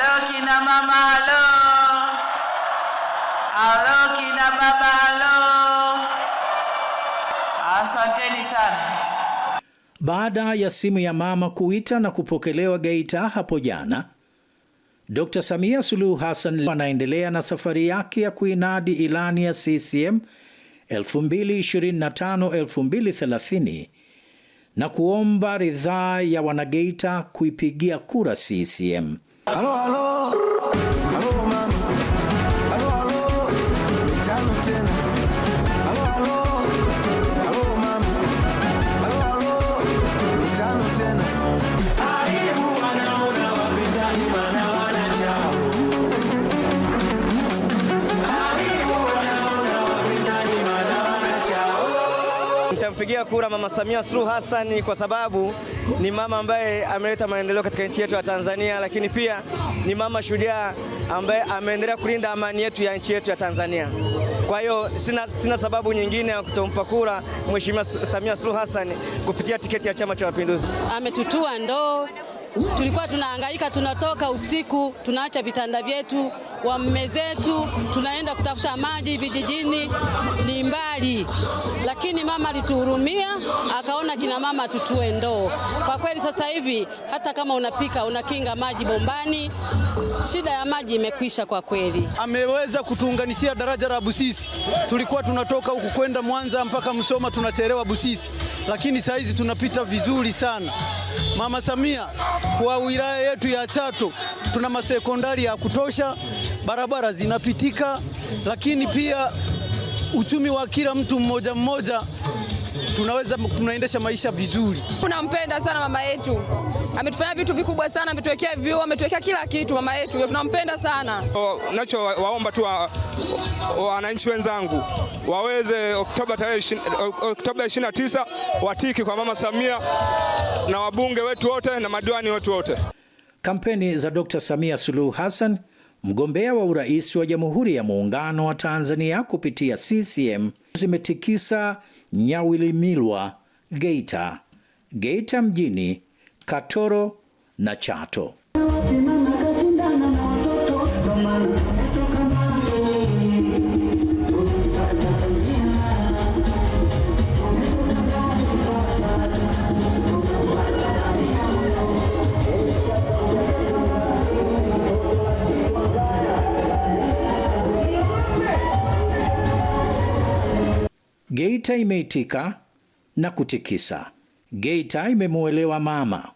halo kina mama halo, halo kina baba halo. Asanteni sana. Baada ya simu ya mama kuita na kupokelewa Geita hapo jana, Dr. Samia Suluhu Hassan anaendelea na safari yake ya kuinadi ilani ya CCM 2025-2030 na kuomba ridhaa ya wanageita kuipigia kura CCM. 哈喽哈喽。tunampigia kura Mama Samia Suluhu Hassan kwa sababu ni mama ambaye ameleta maendeleo katika nchi yetu ya Tanzania, lakini pia ni mama shujaa ambaye ameendelea kulinda amani yetu ya nchi yetu ya Tanzania. Kwa hiyo sina, sina sababu nyingine ya kutompa kura Mheshimiwa Samia Suluhu Hassan kupitia tiketi ya Chama cha Mapinduzi. Ametutua ndoo, tulikuwa tunahangaika, tunatoka usiku, tunaacha vitanda vyetu wa mme zetu, tunaenda kutafuta maji vijijini, ni mbali, lakini mama alituhurumia, akaona kina mama tutue ndoo. Kwa kweli sasa hivi hata kama unapika unakinga maji bombani, shida ya maji imekwisha kwa kweli. Ameweza kutuunganishia daraja la Busisi, tulikuwa tunatoka huku kwenda Mwanza mpaka Msoma tunachelewa Busisi, lakini saa hizi tunapita vizuri sana. Mama Samia, kwa wilaya yetu ya Chato tuna masekondari ya kutosha, barabara zinapitika, lakini pia uchumi wa kila mtu mmoja mmoja tunaweza tunaendesha maisha vizuri. Tunampenda sana mama yetu, ametufanya vitu vikubwa sana, ametuwekea vyuo, ametuwekea kila kitu. Mama yetu tunampenda sana. Nacho waomba tu wananchi wa, wa, wenzangu waweze Oktoba Oktoba 29 watiki kwa Mama Samia na wabunge wetu wote na madiwani wetu wote. Kampeni za Dr. Samia Suluhu Hassan mgombea wa urais wa Jamhuri ya Muungano wa Tanzania kupitia CCM zimetikisa Nyawilimilwa, Geita, Geita mjini, Katoro na Chato. Geita imeitika na kutikisa. Geita imemuelewa mama.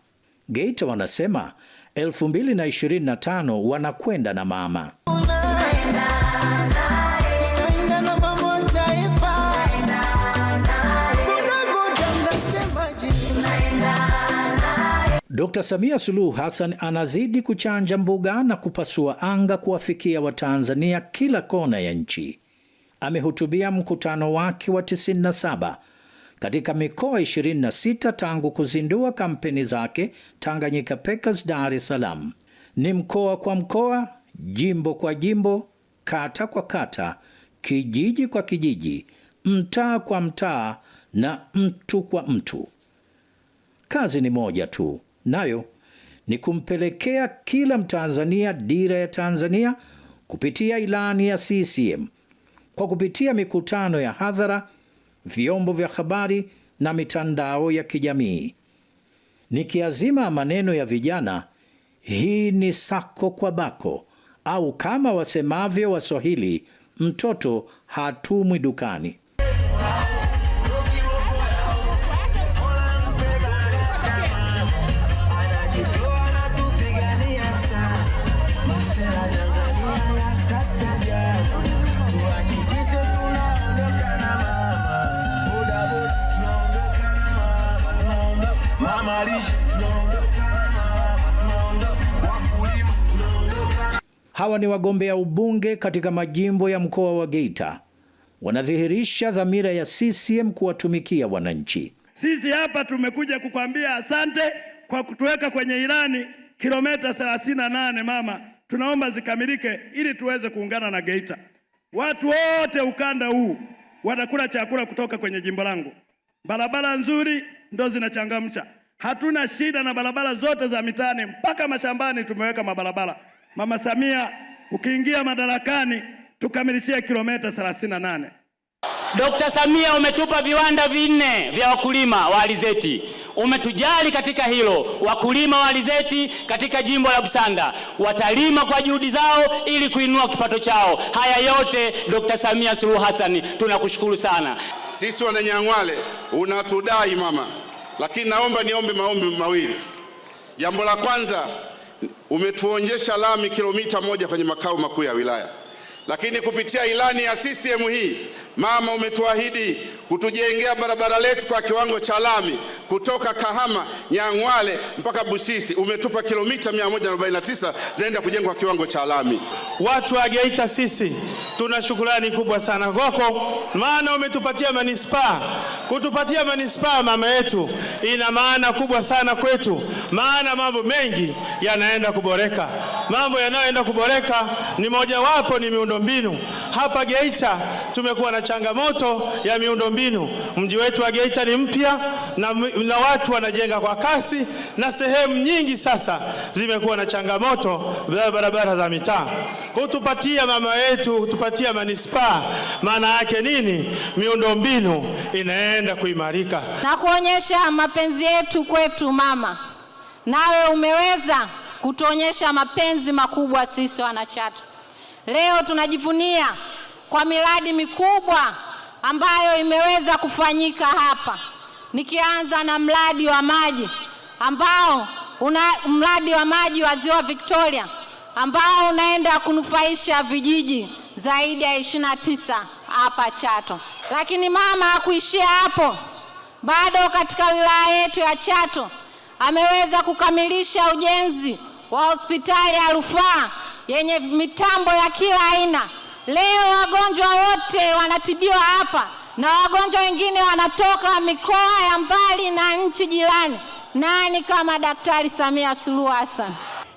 Geita wanasema 2025 wanakwenda na mama. Dkt. Samia Suluhu Hassan anazidi kuchanja mbuga na kupasua anga kuwafikia Watanzania kila kona ya nchi amehutubia mkutano wake wa 97 katika mikoa 26 tangu kuzindua kampeni zake Tanganyika Packers Dar es Salaam. Ni mkoa kwa mkoa, jimbo kwa jimbo, kata kwa kata, kijiji kwa kijiji, mtaa kwa mtaa na mtu kwa mtu. Kazi ni moja tu, nayo ni kumpelekea kila Mtanzania dira ya Tanzania kupitia ilani ya CCM kwa kupitia mikutano ya hadhara, vyombo vya habari na mitandao ya kijamii. Nikiazima maneno ya vijana, hii ni sako kwa bako, au kama wasemavyo Waswahili, mtoto hatumwi dukani. Hawa ni wagombea ubunge katika majimbo ya mkoa wa Geita, wanadhihirisha dhamira ya CCM kuwatumikia wananchi. Sisi hapa tumekuja kukwambia asante kwa kutuweka kwenye ilani kilomita 38 mama, tunaomba zikamilike ili tuweze kuungana na Geita. Watu wote ukanda huu wanakula chakula kutoka kwenye jimbo langu. Barabara nzuri ndo zinachangamsha, hatuna shida na barabara zote za mitaani mpaka mashambani, tumeweka mabarabara. Mama Samia ukiingia madarakani tukamilishie kilomita 38. Dkt. Samia umetupa viwanda vinne vya wakulima wa alizeti, umetujali katika hilo. Wakulima wa alizeti katika jimbo la Busanda watalima kwa juhudi zao ili kuinua kipato chao. Haya yote Dkt. Samia Suluhu Hassan tunakushukuru sana. Sisi Wananyang'wale unatudai mama, lakini naomba niombe maombi mawili. Jambo la kwanza umetuonyesha lami kilomita moja kwenye makao makuu ya wilaya, lakini kupitia ilani ya CCM hii mama, umetuahidi kutujengea barabara letu kwa kiwango cha lami kutoka Kahama Nyang'wale mpaka Busisi, umetupa kilomita 149 zinaenda kujengwa kwa kiwango cha lami. Watu wa Geita sisi tuna shukrani kubwa sana kwako, maana umetupatia manispaa. Kutupatia manispaa mama yetu, ina maana kubwa sana kwetu, maana mambo mengi yanaenda kuboreka. Mambo yanayoenda kuboreka ni mojawapo ni miundombinu. Hapa Geita tumekuwa na changamoto ya miundo miundombinu. Mji wetu wa Geita ni mpya na, na watu wanajenga kwa kasi, na sehemu nyingi sasa zimekuwa na changamoto za barabara za mitaa. Kwa tupatia mama yetu, kutupatia manispaa, maana yake nini? Miundombinu inaenda kuimarika na kuonyesha mapenzi yetu kwetu mama. Nawe umeweza kutuonyesha mapenzi makubwa sisi Wanachatu. Leo tunajivunia kwa miradi mikubwa ambayo imeweza kufanyika hapa, nikianza na mradi wa maji ambao una mradi wa maji wa Ziwa Victoria ambao unaenda kunufaisha vijiji zaidi ya ishirini na tisa hapa Chato. Lakini mama hakuishia hapo, bado katika wilaya yetu ya Chato ameweza kukamilisha ujenzi wa hospitali ya rufaa yenye mitambo ya kila aina Leo wagonjwa wote wanatibiwa hapa na wagonjwa wengine wanatoka mikoa ya mbali na nchi jirani. Nani kama Daktari Samia Suluhu Hassan?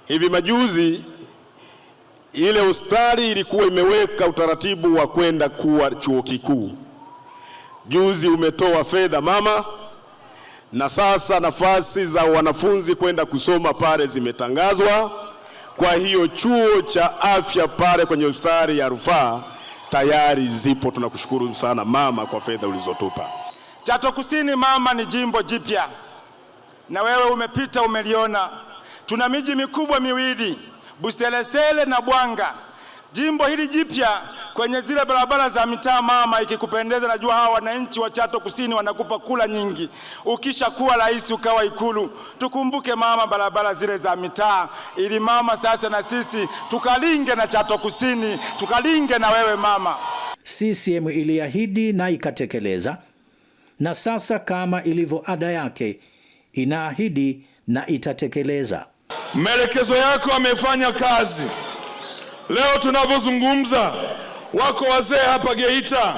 Hivi majuzi ile hospitali ilikuwa imeweka utaratibu wa kwenda kuwa chuo kikuu. Juzi umetoa fedha mama, na sasa nafasi za wanafunzi kwenda kusoma pale zimetangazwa. Kwa hiyo chuo cha afya pale kwenye hospitali ya rufaa tayari zipo. Tunakushukuru sana mama kwa fedha ulizotupa. Chato Kusini mama, ni jimbo jipya na wewe umepita umeliona. Tuna miji mikubwa miwili Buselesele na Bwanga jimbo hili jipya kwenye zile barabara za mitaa mama, ikikupendeza, najua hawa wananchi wa Chato Kusini wanakupa kula nyingi. Ukishakuwa rais ukawa Ikulu, tukumbuke mama, barabara zile za mitaa ili mama, sasa na sisi tukalinge na Chato Kusini, tukalinge na wewe mama. CCM iliahidi na ikatekeleza, na sasa kama ilivyo ada yake inaahidi na itatekeleza. Maelekezo yako amefanya kazi. Leo tunavyozungumza wako wazee hapa Geita,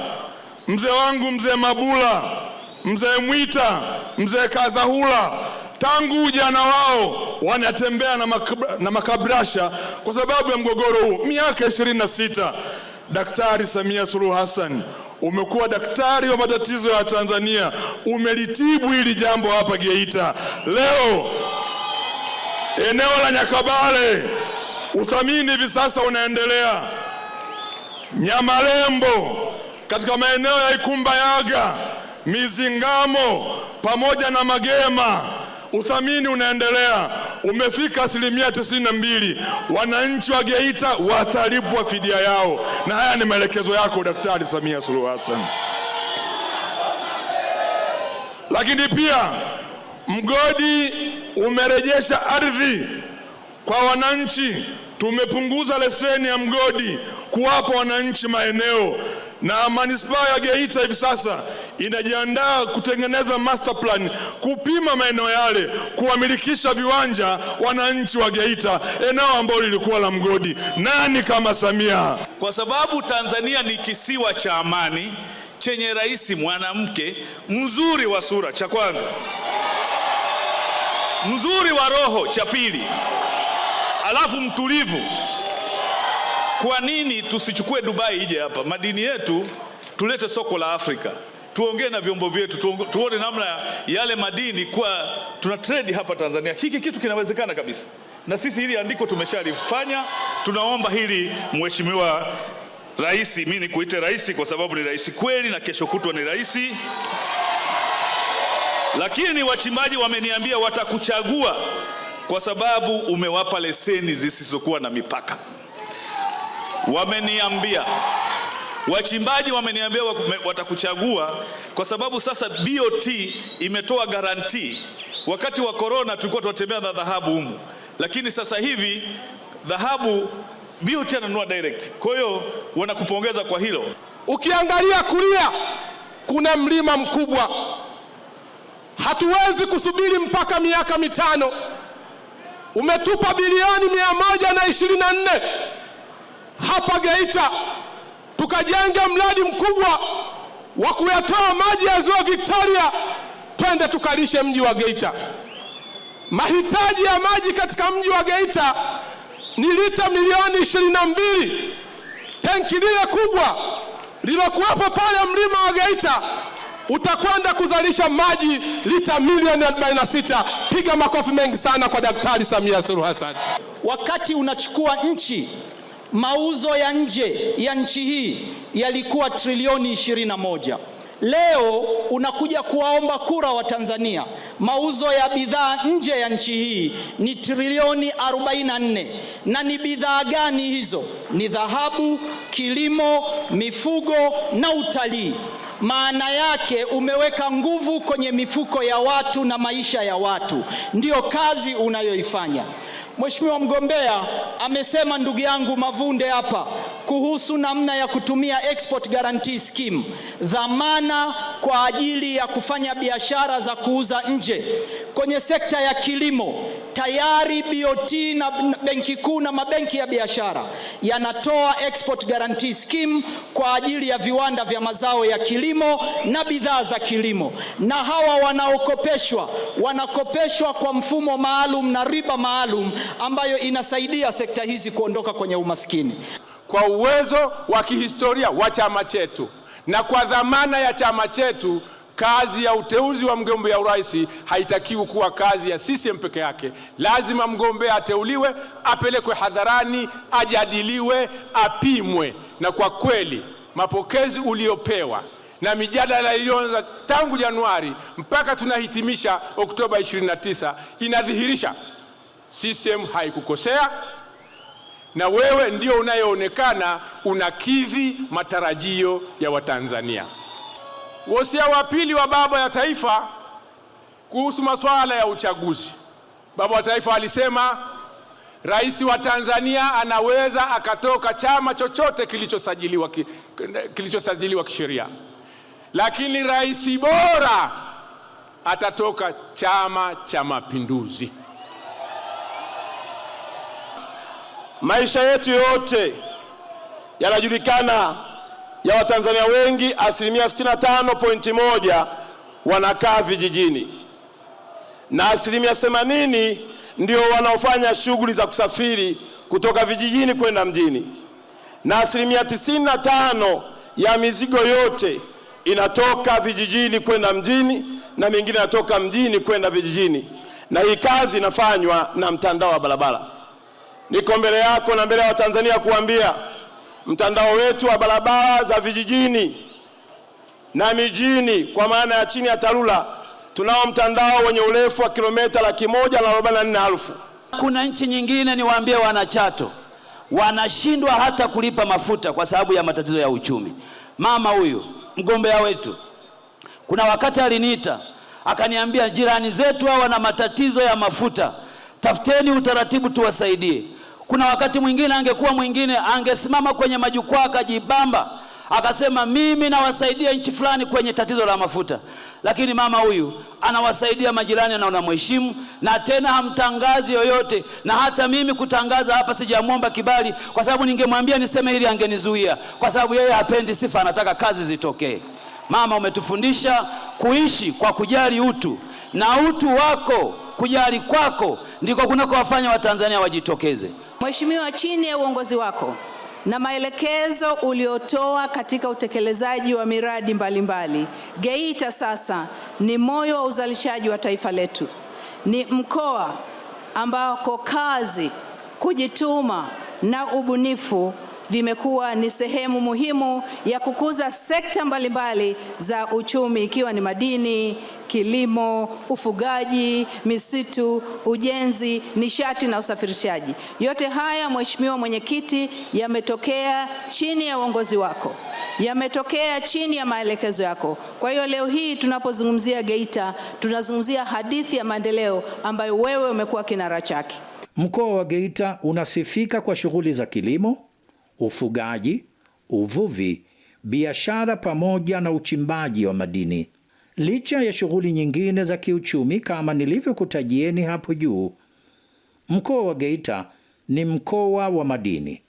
mzee wangu mzee Mabula, mzee Mwita, mzee Kazahula, tangu ujana wao wanatembea na, makabra, na makabrasha kwa sababu ya mgogoro huu. Miaka ishirini na sita Daktari Samia Suluhu Hassan umekuwa daktari wa matatizo ya Tanzania, umelitibu hili jambo hapa Geita. Leo eneo la Nyakabale Uthamini hivi sasa unaendelea Nyamalembo, katika maeneo ya ikumba yaga Mizingamo pamoja na Magema, uthamini unaendelea umefika asilimia tisini na mbili. Wananchi wa Geita watalipwa fidia yao, na haya ni maelekezo yako Daktari Samia Suluhu Hassan. Lakini pia mgodi umerejesha ardhi kwa wananchi, tumepunguza leseni ya mgodi kuwapa wananchi maeneo, na manispaa ya Geita hivi sasa inajiandaa kutengeneza master plan kupima maeneo yale kuwamilikisha viwanja wananchi wa Geita, eneo ambalo lilikuwa la mgodi. Nani kama Samia? Kwa sababu Tanzania ni kisiwa cha amani chenye rais mwanamke mzuri wa sura, cha kwanza, mzuri wa roho, cha pili alafu mtulivu. Kwa nini tusichukue Dubai ije hapa? Madini yetu tulete soko la Afrika, tuongee na vyombo vyetu, tuone namna yale madini kwa tuna trade hapa Tanzania. Hiki kitu kinawezekana kabisa, na sisi hili andiko tumeshalifanya. Tunaomba hili Mheshimiwa Rais, mimi nikuite rais kwa sababu ni rais kweli na kesho kutwa ni rais, lakini wachimbaji wameniambia watakuchagua kwa sababu umewapa leseni zisizokuwa na mipaka. Wameniambia wachimbaji, wameniambia watakuchagua kwa sababu sasa BOT imetoa garanti Wakati wa korona tulikuwa tunatembea na dhahabu humu, lakini sasa hivi dhahabu BOT ananunua direct. Kwa hiyo wanakupongeza kwa hilo. Ukiangalia kulia kuna mlima mkubwa, hatuwezi kusubiri mpaka miaka mitano umetupa bilioni mia moja na ishirini na nne hapa Geita tukajenga mradi mkubwa wa kuyatoa maji ya ziwa Victoria, twende tukalishe mji wa Geita. Mahitaji ya maji katika mji wa Geita ni lita milioni ishirini na mbili. Tenki lile kubwa lilokuwepo pale mlima wa Geita utakwenda kuzalisha maji lita milioni 46. Piga makofi mengi sana kwa Daktari Samia Suluhu Hassan. Wakati unachukua nchi, mauzo ya nje ya nchi hii yalikuwa trilioni 21. Leo unakuja kuwaomba kura wa Tanzania. Mauzo ya bidhaa nje ya nchi hii ni trilioni 44, na ni bidhaa gani hizo? Ni dhahabu, kilimo, mifugo na utalii. Maana yake umeweka nguvu kwenye mifuko ya watu na maisha ya watu, ndiyo kazi unayoifanya. Mheshimiwa mgombea amesema ndugu yangu Mavunde hapa kuhusu namna ya kutumia export guarantee scheme, dhamana kwa ajili ya kufanya biashara za kuuza nje kwenye sekta ya kilimo. Tayari BOT na benki kuu na mabenki ya biashara yanatoa export guarantee scheme kwa ajili ya viwanda vya mazao ya kilimo na bidhaa za kilimo, na hawa wanaokopeshwa wanakopeshwa kwa mfumo maalum na riba maalum ambayo inasaidia sekta hizi kuondoka kwenye umaskini kwa uwezo wa kihistoria wa chama chetu na kwa dhamana ya chama chetu. Kazi ya uteuzi wa mgombea urais haitakiwi kuwa kazi ya CCM peke yake. Lazima mgombea ateuliwe, apelekwe hadharani, ajadiliwe, apimwe. Na kwa kweli mapokezi uliopewa na mijadala iliyoanza tangu Januari mpaka tunahitimisha Oktoba 29 inadhihirisha CCM haikukosea na wewe ndio unayeonekana unakidhi matarajio ya Watanzania. Wosia wa pili wa baba ya taifa kuhusu masuala ya uchaguzi, baba wa taifa alisema rais wa Tanzania anaweza akatoka chama chochote kilichosajiliwa kilichosajiliwa kisheria, lakini rais bora atatoka Chama cha Mapinduzi. Maisha yetu yote yanajulikana ya Watanzania wengi, asilimia 65.1 wanakaa vijijini na asilimia 80 ndio wanaofanya shughuli za kusafiri kutoka vijijini kwenda mjini, na asilimia 95 ya mizigo yote inatoka vijijini kwenda mjini na mingine inatoka mjini kwenda vijijini, na hii kazi inafanywa na mtandao wa barabara. Niko mbele yako na mbele ya Watanzania kuambia mtandao wetu wa barabara za vijijini na mijini kwa maana ya chini ya TARURA tunao mtandao wenye urefu wa kilomita laki moja na arobaini na nne elfu. Kuna nchi nyingine niwaambie, wanachato wanashindwa hata kulipa mafuta kwa sababu ya matatizo ya uchumi. Mama huyu mgombea wetu, kuna wakati aliniita akaniambia, jirani zetu hawa na matatizo ya mafuta, tafuteni utaratibu tuwasaidie. Kuna wakati mwingine angekuwa mwingine angesimama kwenye majukwaa akajibamba, akasema mimi nawasaidia nchi fulani kwenye tatizo la mafuta, lakini mama huyu anawasaidia majirani na unamheshimu, na tena hamtangazi yoyote. Na hata mimi kutangaza hapa sijamwomba kibali, kwa sababu ningemwambia niseme hili angenizuia, kwa sababu yeye hapendi sifa, anataka kazi zitokee. Mama, umetufundisha kuishi kwa kujali utu na utu wako, kujali kwako ndiko kunakowafanya Watanzania wajitokeze. Mheshimiwa, chini ya uongozi wako na maelekezo uliotoa katika utekelezaji wa miradi mbalimbali mbali, Geita sasa ni moyo wa uzalishaji wa taifa letu, ni mkoa ambako kazi, kujituma na ubunifu vimekuwa ni sehemu muhimu ya kukuza sekta mbalimbali za uchumi ikiwa ni madini, kilimo, ufugaji, misitu, ujenzi, nishati na usafirishaji. Yote haya Mheshimiwa Mwenyekiti, yametokea chini ya uongozi wako, yametokea chini ya maelekezo yako. Kwa hiyo leo hii tunapozungumzia Geita, tunazungumzia hadithi ya maendeleo ambayo wewe umekuwa kinara chake. Mkoa wa Geita unasifika kwa shughuli za kilimo ufugaji, uvuvi, biashara pamoja na uchimbaji wa madini. Licha ya shughuli nyingine za kiuchumi kama nilivyokutajieni hapo juu, mkoa wa Geita ni mkoa wa madini.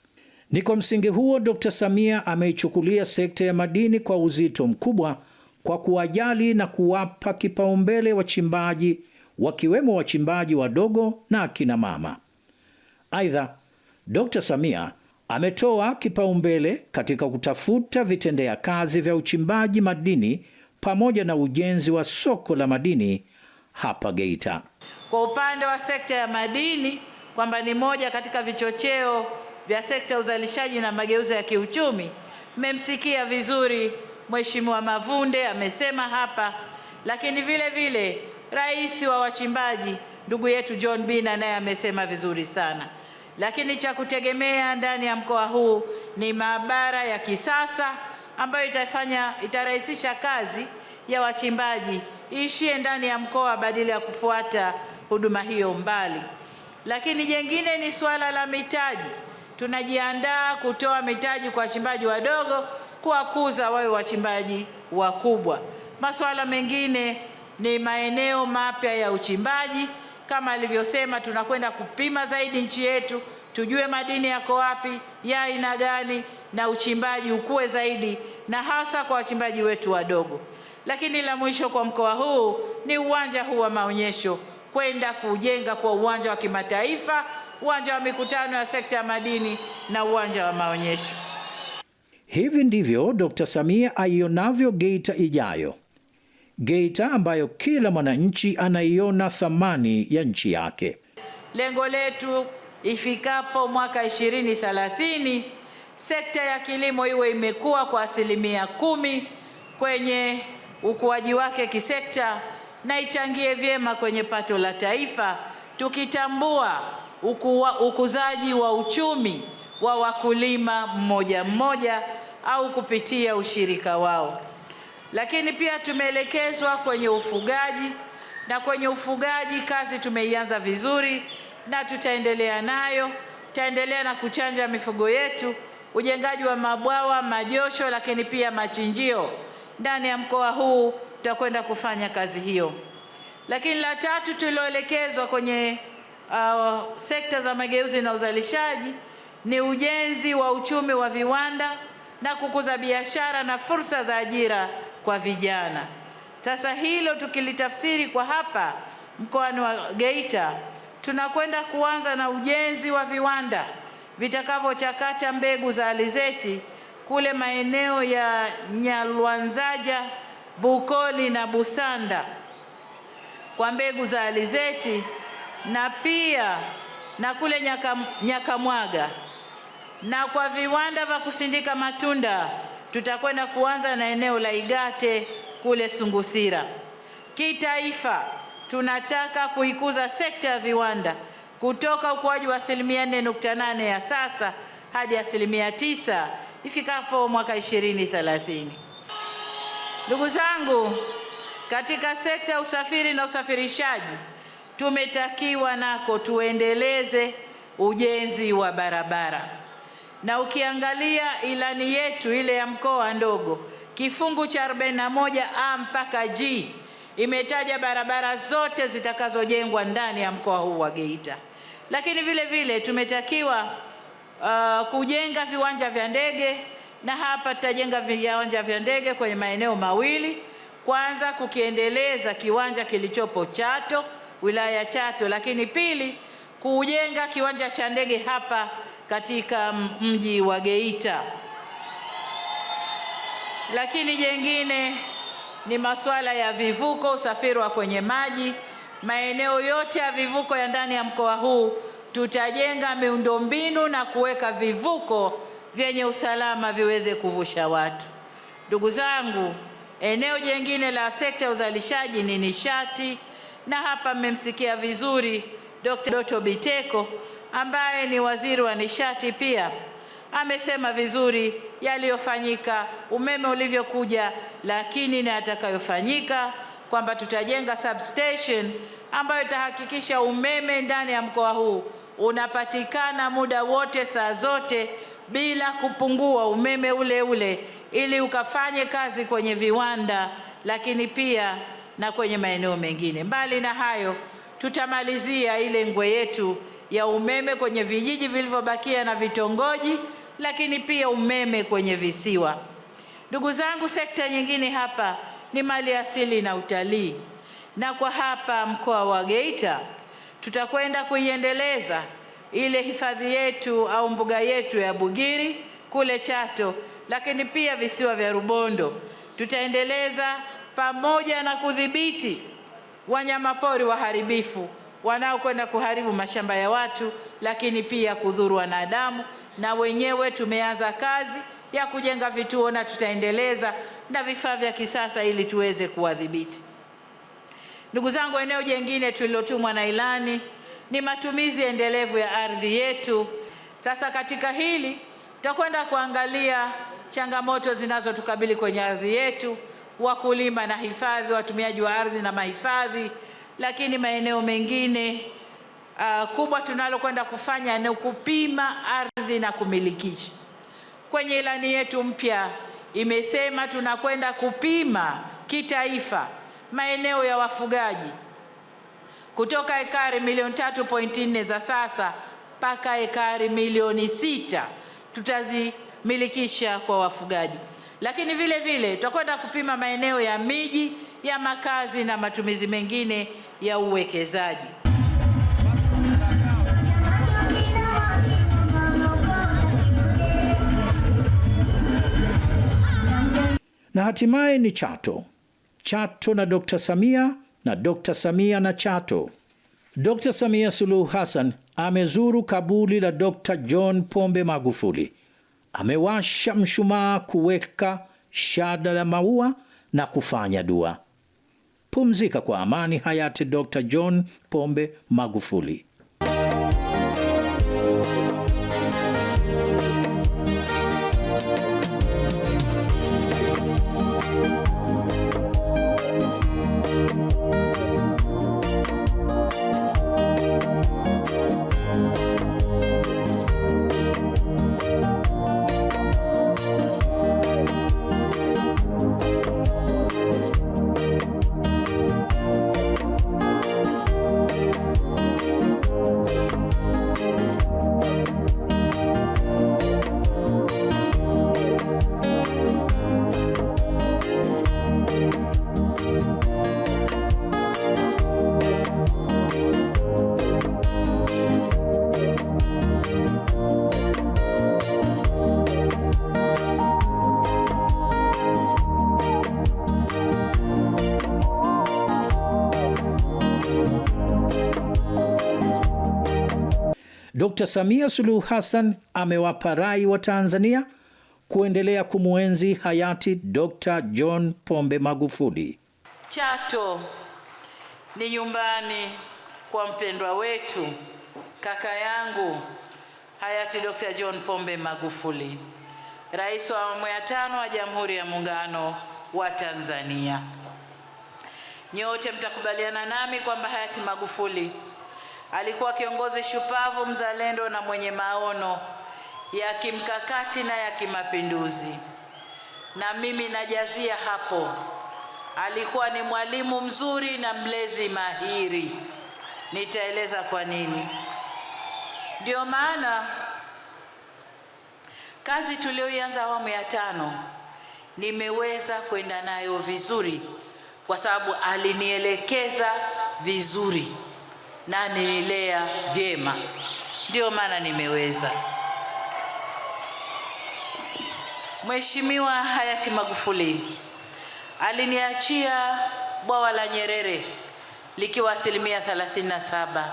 Ni kwa msingi huo Dkt. Samia ameichukulia sekta ya madini kwa uzito mkubwa kwa kuwajali na kuwapa kipaumbele wachimbaji wakiwemo wachimbaji wadogo na akina mama. Aidha, Dkt. Samia ametoa kipaumbele katika kutafuta vitendea kazi vya uchimbaji madini pamoja na ujenzi wa soko la madini hapa Geita. Kwa upande wa sekta ya madini, kwamba ni moja katika vichocheo vya sekta ya uzalishaji na mageuzi ya kiuchumi, mmemsikia vizuri Mheshimiwa Mavunde amesema hapa, lakini vile vile rais wa wachimbaji ndugu yetu John Bina naye amesema vizuri sana lakini cha kutegemea ndani ya mkoa huu ni maabara ya kisasa ambayo itafanya itarahisisha kazi ya wachimbaji iishie ndani ya mkoa badala ya kufuata huduma hiyo mbali. Lakini jengine ni suala la mitaji. Tunajiandaa kutoa mitaji kwa wachimbaji wadogo, kuwakuza wawe wachimbaji wakubwa. Masuala mengine ni maeneo mapya ya uchimbaji kama alivyosema, tunakwenda kupima zaidi nchi yetu, tujue madini yako wapi, ya aina gani, na uchimbaji ukue zaidi, na hasa kwa wachimbaji wetu wadogo. Lakini la mwisho kwa mkoa huu ni uwanja huu wa maonyesho, kwenda kujenga kwa uwanja wa kimataifa, uwanja wa mikutano ya sekta ya madini na uwanja wa maonyesho. Hivi ndivyo Dkt. Samia aionavyo Geita ijayo. Geita ambayo kila mwananchi anaiona thamani ya nchi yake. Lengo letu ifikapo mwaka 2030 sekta ya kilimo iwe imekuwa kwa asilimia kumi kwenye ukuaji wake kisekta na ichangie vyema kwenye pato la taifa, tukitambua ukuwa, ukuzaji wa uchumi wa wakulima mmoja mmoja au kupitia ushirika wao. Lakini pia tumeelekezwa kwenye ufugaji, na kwenye ufugaji kazi tumeianza vizuri na tutaendelea nayo. Tutaendelea na kuchanja mifugo yetu, ujengaji wa mabwawa, majosho, lakini pia machinjio ndani ya mkoa huu, tutakwenda kufanya kazi hiyo. Lakini la tatu tuliloelekezwa kwenye uh, sekta za mageuzi na uzalishaji ni ujenzi wa uchumi wa viwanda na kukuza biashara na fursa za ajira kwa vijana. Sasa hilo tukilitafsiri kwa hapa mkoani wa Geita, tunakwenda kuanza na ujenzi wa viwanda vitakavyochakata mbegu za alizeti kule maeneo ya Nyalwanzaja, Bukoli na Busanda kwa mbegu za alizeti na pia na kule Nyakamwaga nyaka na kwa viwanda vya kusindika matunda tutakwenda kuanza na eneo la Igate kule Sungusira. Kitaifa tunataka kuikuza sekta ya viwanda kutoka ukuaji wa asilimia 4.8 ya sasa hadi asilimia tisa ifikapo mwaka 2030. Ndugu zangu, katika sekta ya usafiri na usafirishaji tumetakiwa nako tuendeleze ujenzi wa barabara na ukiangalia ilani yetu ile ya mkoa ndogo kifungu cha 41 a mpaka g imetaja barabara zote zitakazojengwa ndani ya mkoa huu wa Geita, lakini vile vile tumetakiwa uh, kujenga viwanja vya ndege, na hapa tutajenga viwanja vya ndege kwenye maeneo mawili. Kwanza, kukiendeleza kiwanja kilichopo Chato, wilaya ya Chato, lakini pili, kujenga kiwanja cha ndege hapa katika mji wa Geita. Lakini jengine ni masuala ya vivuko, usafiri wa kwenye maji. Maeneo yote ya vivuko ya ndani ya mkoa huu tutajenga miundombinu na kuweka vivuko vyenye usalama viweze kuvusha watu. Ndugu zangu, eneo jengine la sekta ya uzalishaji ni nishati, na hapa mmemsikia vizuri Dr. Doto Biteko ambaye ni waziri wa nishati pia amesema vizuri yaliyofanyika, umeme ulivyokuja, lakini na atakayofanyika kwamba tutajenga substation ambayo itahakikisha umeme ndani ya mkoa huu unapatikana muda wote, saa zote, bila kupungua, umeme ule ule, ili ukafanye kazi kwenye viwanda, lakini pia na kwenye maeneo mengine. Mbali na hayo, tutamalizia ile ngwe yetu ya umeme kwenye vijiji vilivyobakia na vitongoji, lakini pia umeme kwenye visiwa. Ndugu zangu, sekta nyingine hapa ni mali asili na utalii, na kwa hapa mkoa wa Geita tutakwenda kuiendeleza ile hifadhi yetu au mbuga yetu ya Bugiri kule Chato, lakini pia visiwa vya Rubondo tutaendeleza pamoja na kudhibiti wanyamapori waharibifu wanaokwenda kuharibu mashamba ya watu, lakini pia kudhuru wanadamu. Na wenyewe tumeanza kazi ya kujenga vituo na tutaendeleza na vifaa vya kisasa ili tuweze kuwadhibiti. Ndugu zangu, eneo jengine tulilotumwa na ilani ni matumizi endelevu ya ardhi yetu. Sasa katika hili tutakwenda kuangalia changamoto zinazotukabili kwenye ardhi yetu, wakulima na hifadhi, watumiaji wa ardhi na mahifadhi lakini maeneo mengine uh, kubwa tunalokwenda kufanya ni kupima ardhi na kumilikisha. Kwenye ilani yetu mpya imesema tunakwenda kupima kitaifa maeneo ya wafugaji kutoka ekari milioni tatu pointi nne za sasa mpaka ekari milioni sita tutazimilikisha kwa wafugaji, lakini vile vile tutakwenda kupima maeneo ya miji ya makazi na matumizi mengine ya uwekezaji. Na hatimaye ni Chato. Chato na Dr. Samia na Dr. Samia na Chato. Dr. Samia Suluhu Hassan amezuru kaburi la Dr. John Pombe Magufuli. Amewasha mshumaa kuweka shada la maua na kufanya dua pumzika kwa amani hayati Dr. John Pombe Magufuli. Dkt. Samia Suluhu Hassan amewapa rai wa Tanzania kuendelea kumwenzi hayati Dkt. John Pombe Magufuli. Chato ni nyumbani kwa mpendwa wetu kaka yangu hayati Dkt. John Pombe Magufuli, rais wa awamu ya tano wa Jamhuri ya Muungano wa Tanzania. Nyote mtakubaliana nami kwamba hayati Magufuli Alikuwa kiongozi shupavu, mzalendo na mwenye maono ya kimkakati na ya kimapinduzi, na mimi najazia hapo. Alikuwa ni mwalimu mzuri na mlezi mahiri. Nitaeleza kwa nini. Ndio maana kazi tuliyoianza awamu ya tano nimeweza kwenda nayo vizuri, kwa sababu alinielekeza vizuri na nililea vyema, ndiyo maana nimeweza. Mheshimiwa hayati Magufuli aliniachia bwawa la Nyerere likiwa asilimia 37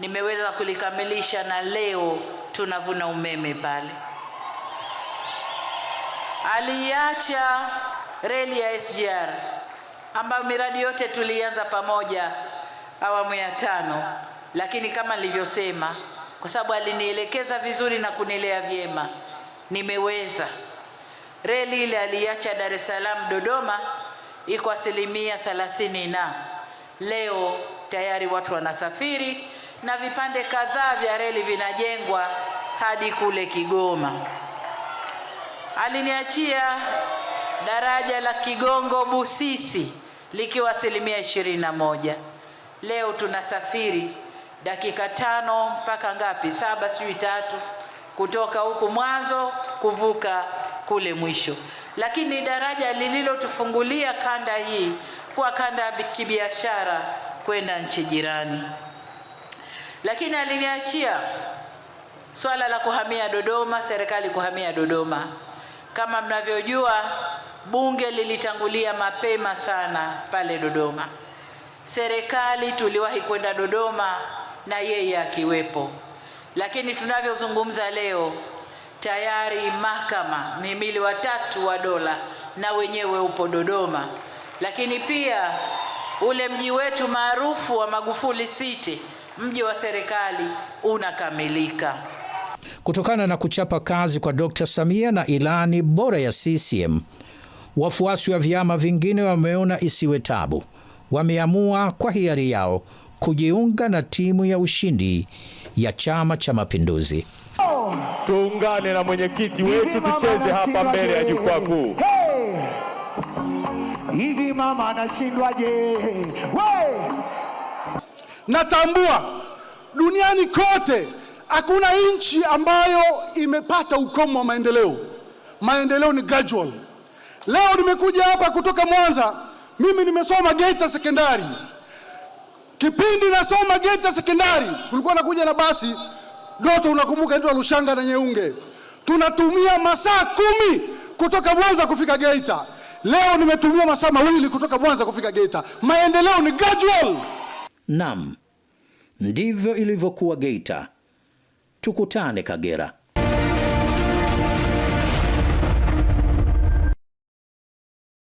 nimeweza kulikamilisha na leo tunavuna umeme pale. Aliacha reli ya SGR ambayo miradi yote tulianza pamoja awamu ya tano, lakini kama nilivyosema, kwa sababu alinielekeza vizuri na kunilea vyema, nimeweza. Reli ile aliacha Dar es Salaam Dodoma iko asilimia thelathini, na leo tayari watu wanasafiri na vipande kadhaa vya reli vinajengwa hadi kule Kigoma. Aliniachia daraja la Kigongo Busisi likiwa asilimia ishirini na moja. Leo tunasafiri dakika tano mpaka ngapi, saba sijui tatu, kutoka huku mwanzo kuvuka kule mwisho, lakini daraja lililotufungulia kanda hii kwa kanda ya kibiashara kwenda nchi jirani. Lakini aliniachia swala la kuhamia Dodoma, serikali kuhamia Dodoma. Kama mnavyojua, bunge lilitangulia mapema sana pale Dodoma serikali tuliwahi kwenda Dodoma na yeye akiwepo, lakini tunavyozungumza leo tayari mahakama mhimili wa tatu wa dola na wenyewe upo Dodoma, lakini pia ule mji wetu maarufu wa Magufuli City, mji wa serikali unakamilika. Kutokana na kuchapa kazi kwa Dr. Samia na ilani bora ya CCM, wafuasi wa vyama vingine wameona isiwe tabu wameamua kwa hiari yao kujiunga na timu ya ushindi ya Chama cha Mapinduzi. Tuungane na mwenyekiti wetu tucheze hapa mbele ya jukwaa kuu. Hivi mama anashindwaje? Natambua duniani kote hakuna nchi ambayo imepata ukomo wa maendeleo. Maendeleo ni gradual. Leo nimekuja hapa kutoka Mwanza mimi nimesoma Geita sekondari. Kipindi nasoma Geita sekondari, kulikuwa nakuja na basi Doto, unakumbuka ndio Lushanga na Nyeunge, tunatumia masaa kumi kutoka Mwanza kufika Geita. Leo nimetumia masaa mawili kutoka Mwanza kufika Geita. Maendeleo ni gradual. Naam, ndivyo ilivyokuwa Geita. Tukutane Kagera.